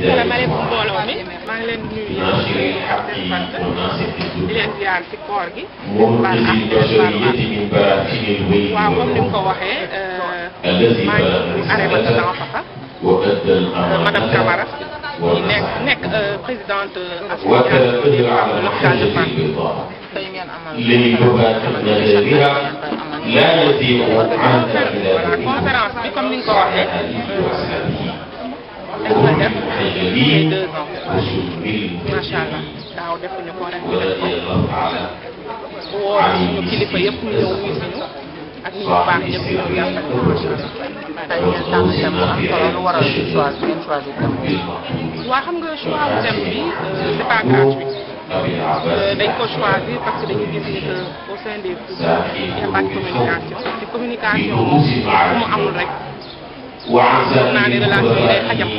salaamaaleykum mbooloo mi maa ngi leen di nuyu di leen ziar ci koor gi baax ak leen baal baax waaw comme ni nga ko waxee maa ngi tudd Arèmata Dampakha madame Camara di nekk nekk présidente association des femmes locales de Fann tey ngeen amal conférence bi comme ni nga ko waxee def ay deux ans macha allah daaw defuñu ko ren ñu def ko woo suñu kilifa yëpp ñu ñëw wuyu suñu ak ñu baax ñëpp ñu ngi yàlla macha allah. tey ngeen tànn thème bu am solo lu waral choix bi ngeen choisir thème bi. waa xam nga choix thème bi euh, c'est pas gratuit. Euh, dañ ko choisir parce que dañu gis ni que au sein des Fouta il y a pas de communication te communication moom mu amul rek. xam naa ne relations yi day xajam.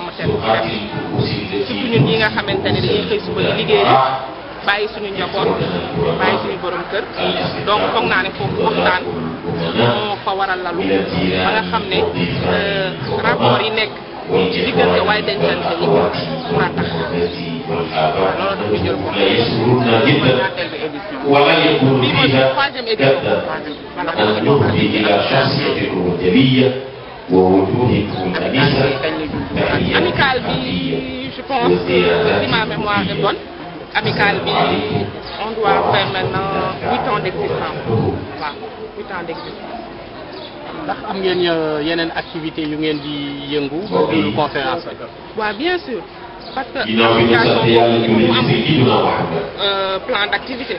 jaamu seen borom surtout ñi nga xamante dañuy xëy suba di liggéey bàyyi suñu njaboot bàyyi suñu borom kër donc naa ne foofu waxtaan moo fa waral lalu ba nga xam ne euh, rapport yi nekk ci diggante waaye dencante yi mun tax loolu dafa jël ko ñaateel bi édition bii troisième édition troisième wa amicale bi je pense si ma mémoire est bonne amicale bi on doit faire maintenant 8 ans d'existence waaw 8 ans d'existence ndax am ngeen euh, yeneen activité yu ngeen di yëngu lu conférence waaw bien sûr parce que association boobu mu am euh, plan d'activité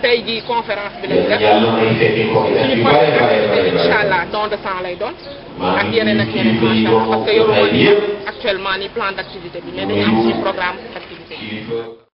tey jii conférence bi lañ def yàlla may fekkee ko yu bare bare bare incha don de sang lay doon. ak yeneen ak yeneen macha allah parce que plan d' activité bi mais dañu am